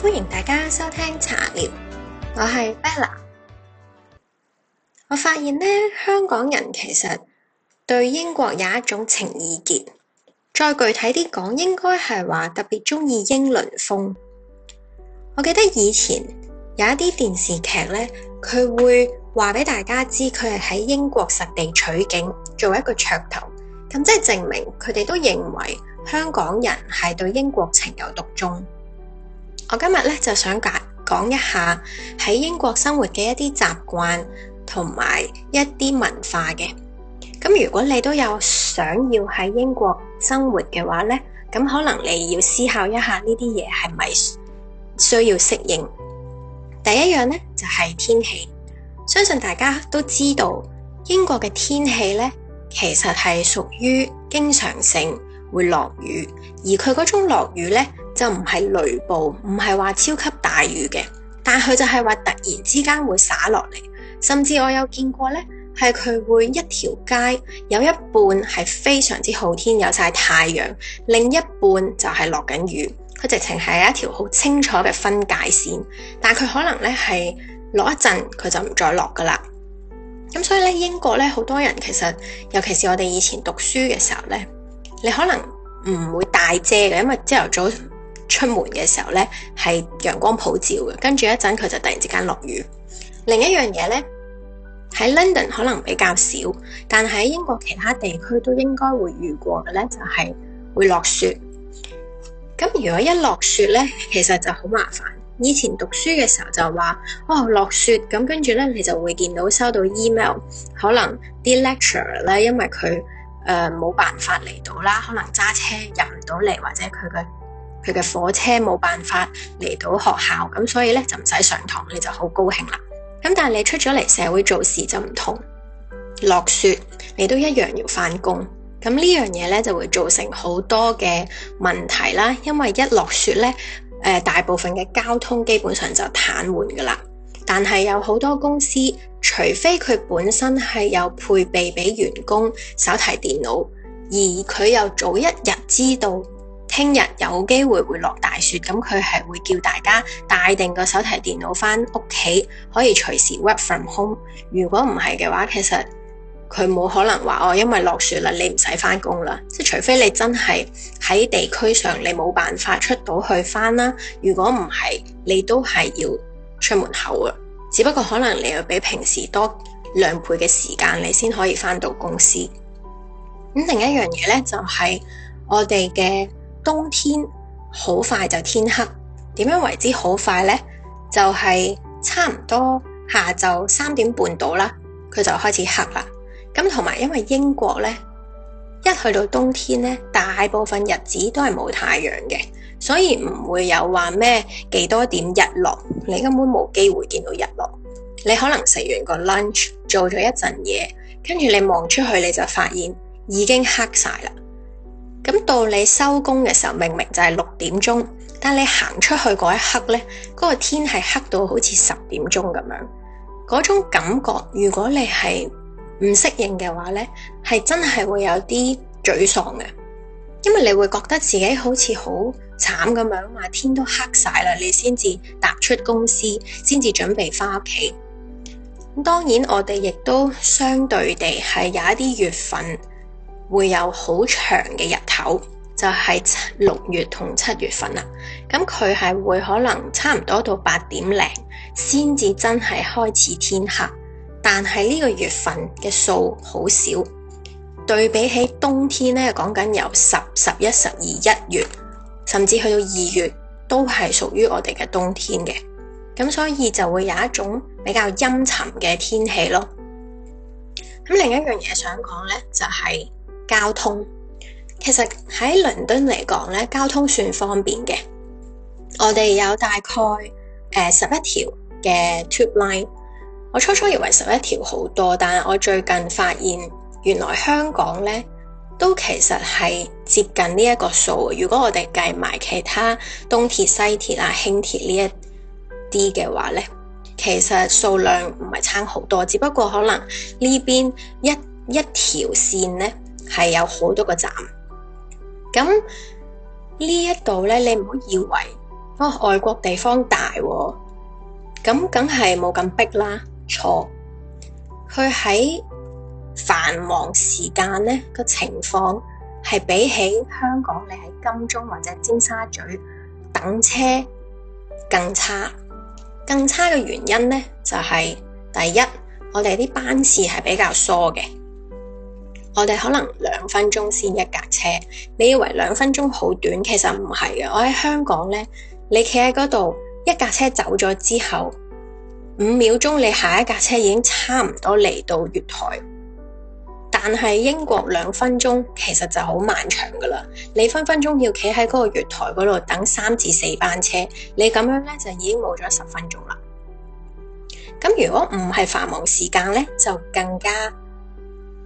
歡迎大家收聽茶聊，我係 Bella。我發現呢，香港人其實對英國有一種情意結。再具體啲講，應該係話特別鍾意英倫風。我記得以前有一啲電視劇呢，佢會話俾大家知佢係喺英國實地取景，做一個噱頭，咁即係證明佢哋都認為香港人係對英國情有獨鍾。我今日咧就想解講一下喺英國生活嘅一啲習慣同埋一啲文化嘅。咁如果你都有想要喺英國生活嘅話咧，咁可能你要思考一下呢啲嘢係咪需要適應。第一樣咧就係天氣，相信大家都知道英國嘅天氣咧其實係屬於經常性會落雨，而佢嗰種落雨咧。就唔係雷暴，唔係話超級大雨嘅，但佢就係話突然之間會灑落嚟，甚至我有見過呢，係佢會一條街有一半係非常之好天，有晒太陽，另一半就係落緊雨，佢直情係一條好清楚嘅分界線。但係佢可能呢係落一陣，佢就唔再落噶啦。咁所以咧，英國咧好多人其實，尤其是我哋以前讀書嘅時候呢，你可能唔會帶遮嘅，因為朝頭早。出門嘅時候呢係陽光普照嘅，跟住一陣佢就突然之間落雨。另一樣嘢呢，喺 London 可能比較少，但喺英國其他地區都應該會遇過嘅呢，就係會落雪。咁如果一落雪呢，其實就好麻煩。以前讀書嘅時候就話哦，落雪，咁跟住呢，你就會見到收到 email，可能啲 lecturer 呢，因為佢誒冇辦法嚟到啦，可能揸車入唔到嚟，或者佢嘅。佢嘅火車冇辦法嚟到學校，咁所以咧就唔使上堂，你就好高興啦。咁但係你出咗嚟社會做事就唔同，落雪你都一樣要返工。咁呢樣嘢咧就會造成好多嘅問題啦，因為一落雪咧，誒、呃、大部分嘅交通基本上就癱瘓噶啦。但係有好多公司，除非佢本身係有配備俾員工手提電腦，而佢又早一日知道。聽日有機會會落大雪，咁佢係會叫大家帶定個手提電腦翻屋企，可以隨時 work from home。如果唔係嘅話，其實佢冇可能話哦，因為落雪啦，你唔使翻工啦。即係除非你真係喺地區上你冇辦法出到去翻啦。如果唔係，你都係要出門口啊。只不過可能你要比平時多兩倍嘅時間，你先可以翻到公司。咁、嗯、另一樣嘢呢，就係、是、我哋嘅。冬天好快就天黑，點樣為之好快呢？就係差唔多下晝三點半到啦，佢就開始黑啦。咁同埋因為英國呢，一去到冬天呢，大部分日子都係冇太陽嘅，所以唔會有話咩幾多點日落，你根本冇機會見到日落。你可能食完個 lunch，做咗一陣嘢，跟住你望出去，你就發現已經黑晒啦。咁到你收工嘅時候，明明就係六點鐘，但你行出去嗰一刻呢，嗰個天係黑到好似十點鐘咁樣，嗰種感覺，如果你係唔適應嘅話呢，係真係會有啲沮喪嘅，因為你會覺得自己好似好慘咁樣，話天都黑晒啦，你先至踏出公司，先至準備翻屋企。咁當然，我哋亦都相對地係有一啲月份。會有好長嘅日頭，就係六月同七月份啦。咁佢係會可能差唔多到八點零先至真係開始天黑，但係呢個月份嘅數好少，對比起冬天呢，講緊由十、十一、十二、一月，甚至去到二月都係屬於我哋嘅冬天嘅，咁所以就會有一種比較陰沉嘅天氣咯。咁另一樣嘢想講呢，就係。交通其實喺倫敦嚟講咧，交通算方便嘅。我哋有大概誒十一條嘅 tube line。我初初以為十一條好多，但係我最近發現原來香港咧都其實係接近呢一個數。如果我哋計埋其他東鐵、西鐵啊、輕鐵呢一啲嘅話咧，其實數量唔係差好多，只不過可能呢邊一一條線咧，係有好多個站，咁呢一度咧，你唔好以為哦外國地方大喎，咁梗係冇咁逼啦。錯，佢喺繁忙時間咧個情況係比起香港，你喺金鐘或者尖沙咀等車更差，更差嘅原因咧就係第一，我哋啲班次係比較疏嘅。我哋可能兩分鐘先一架車，你以為兩分鐘好短，其實唔係嘅。我喺香港咧，你企喺嗰度，一架車走咗之後，五秒鐘你下一架車已經差唔多嚟到月台。但係英國兩分鐘其實就好漫長噶啦，你分分鐘要企喺嗰個月台嗰度等三至四班車，你咁樣咧就已經冇咗十分鐘啦。咁如果唔係繁忙時間咧，就更加。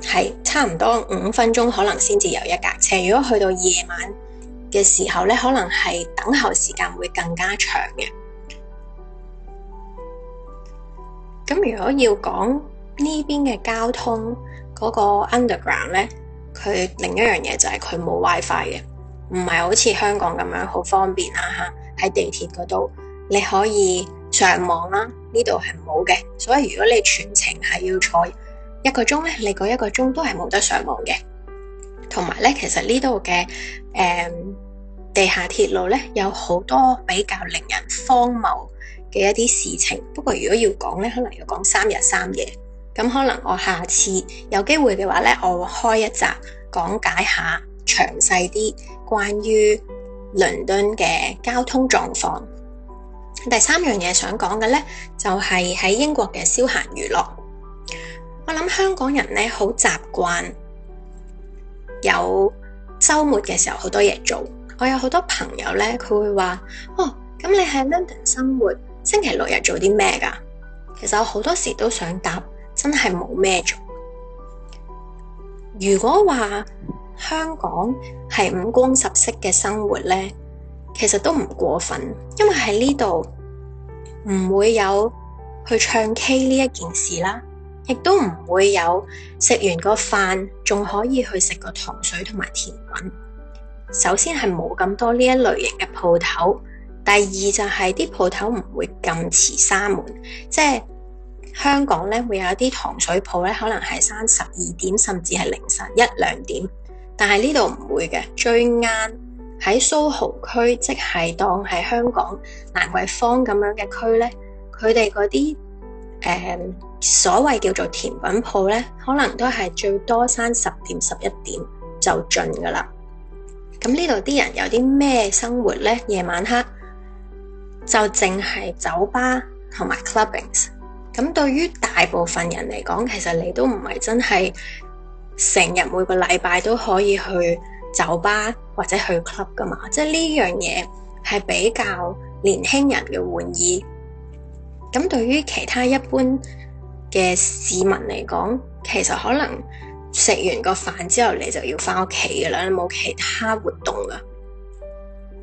係差唔多五分鐘可能先至有一架車，如果去到夜晚嘅時候咧，可能係等候時間會更加長嘅。咁如果要講呢邊嘅交通嗰個 underground 咧，佢另一樣嘢就係佢冇 WiFi 嘅，唔係好似香港咁樣好方便啦吓，喺地鐵嗰度你可以上網啦，呢度係冇嘅，所以如果你全程係要坐。一個鐘咧，你嗰一個鐘都係冇得上網嘅。同埋咧，其實呢度嘅誒地下鐵路咧，有好多比較令人荒謬嘅一啲事情。不過如果要講咧，可能要講三日三夜。咁可能我下次有機會嘅話咧，我會開一集講解下詳細啲關於倫敦嘅交通狀況。第三樣嘢想講嘅咧，就係喺英國嘅消閒娛樂。我諗香港人咧，好習慣有周末嘅時候好多嘢做。我有好多朋友咧，佢會話：哦，咁你喺 London 生活，星期六日做啲咩㗎？其實我好多時都想答，真係冇咩做。如果話香港係五光十色嘅生活咧，其實都唔過分，因為喺呢度唔會有去唱 K 呢一件事啦。亦都唔會有食完個飯，仲可以去食個糖水同埋甜品。首先係冇咁多呢一類型嘅鋪頭，第二就係啲鋪頭唔會咁遲閂門。即係香港咧，會有一啲糖水鋪咧，可能係閂十二點，甚至係凌晨一兩點。但係呢度唔會嘅，最晏喺蘇豪區，即係當係香港蘭桂坊咁樣嘅區咧，佢哋嗰啲。誒，um, 所謂叫做甜品鋪咧，可能都係最多閂十點十一點就盡噶啦。咁呢度啲人有啲咩生活咧？夜晚黑就淨係酒吧同埋 clubbing。咁對於大部分人嚟講，其實你都唔係真係成日每個禮拜都可以去酒吧或者去 club 噶嘛。即係呢樣嘢係比較年輕人嘅玩意。咁對於其他一般嘅市民嚟講，其實可能食完個飯之後，你就要翻屋企噶啦，冇其他活動噶。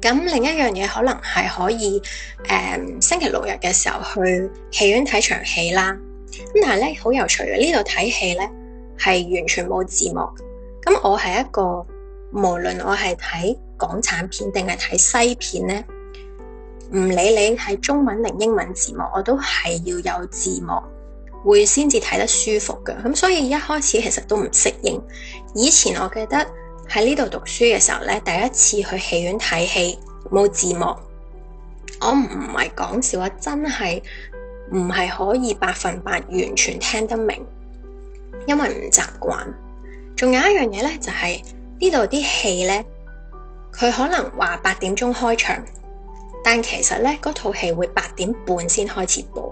咁另一樣嘢可能係可以，誒、嗯、星期六日嘅時候去戲院睇場戲啦。咁但係咧好有趣嘅，戲呢度睇戲咧係完全冇字幕。咁我係一個無論我係睇港產片定係睇西片咧。唔理你係中文定英文字幕，我都係要有字幕會先至睇得舒服嘅。咁所以一開始其實都唔適應。以前我記得喺呢度讀書嘅時候呢，第一次去戲院睇戲冇字幕，我唔係講笑啊，真係唔係可以百分百完全聽得明，因為唔習慣。仲有一樣嘢呢，就係呢度啲戲呢，佢可能話八點鐘開場。但其實呢，嗰套戲會八點半先開始播，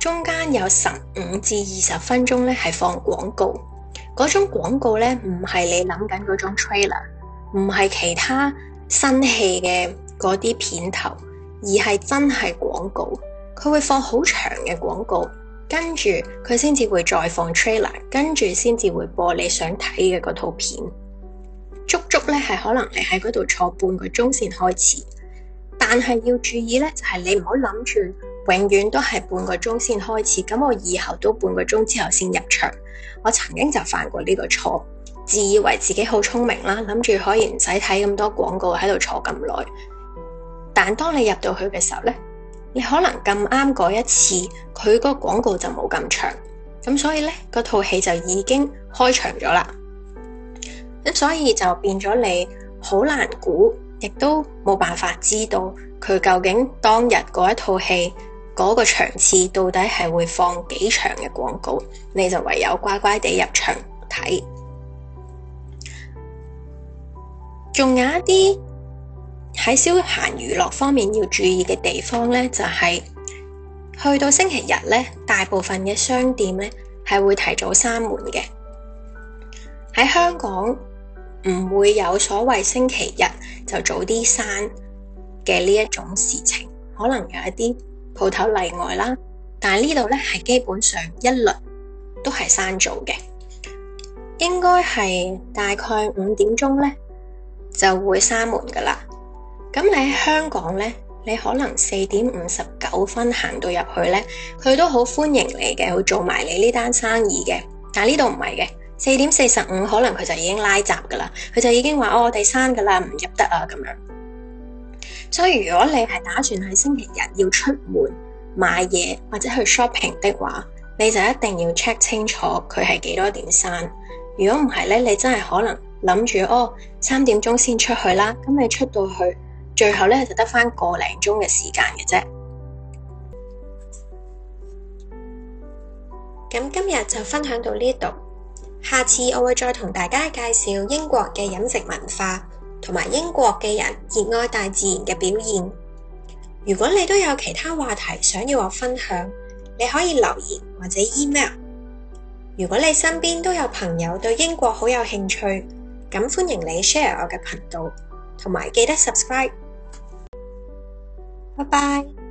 中間有十五至二十分鐘呢係放廣告，嗰種廣告呢，唔係你諗緊嗰種 trailer，唔係其他新戲嘅嗰啲片頭，而係真係廣告。佢會放好長嘅廣告，跟住佢先至會再放 trailer，跟住先至會播你想睇嘅嗰套片。足足呢，係可能你喺嗰度坐半個鐘先開始。但係要注意咧，就係你唔好諗住永遠都係半個鐘先開始。咁我以後都半個鐘之後先入場。我曾經就犯過呢個錯，自以為自己好聰明啦，諗住可以唔使睇咁多廣告，喺度坐咁耐。但當你入到去嘅時候咧，你可能咁啱嗰一次，佢嗰個廣告就冇咁長，咁所以咧，嗰套戲就已經開場咗啦。咁所以就變咗你好難估。亦都冇辦法知道佢究竟當日嗰一套戲嗰個場次到底係會放幾長嘅廣告，你就唯有乖乖地入場睇。仲有一啲喺消閒娛樂方面要注意嘅地方咧，就係、是、去到星期日咧，大部分嘅商店咧係會提早閂門嘅。喺香港。唔會有所謂星期日就早啲閂嘅呢一種事情，可能有一啲鋪頭例外啦，但係呢度咧係基本上一律都係閂早嘅，應該係大概五點鐘咧就會閂門㗎喇。咁你喺香港呢，你可能四點五十九分行到入去呢，佢都好歡迎你嘅，去做埋你呢單生意嘅，但係呢度唔係嘅。四點四十五，45，可能佢就已經拉閘噶啦，佢就已經話、哦、我地閂噶啦，唔入得啊，咁樣。所以如果你係打算喺星期日要出門買嘢或者去 shopping 的話，你就一定要 check 清楚佢係幾多點閂。如果唔係呢，你真係可能諗住哦，三點鐘先出去啦，咁你出到去，最後呢就得返個零鐘嘅時間嘅啫。咁今日就分享到呢度。下次我會再同大家介紹英國嘅飲食文化，同埋英國嘅人熱愛大自然嘅表現。如果你都有其他話題想要我分享，你可以留言或者 email。如果你身邊都有朋友對英國好有興趣，咁歡迎你 share 我嘅頻道，同埋記得 subscribe。拜拜。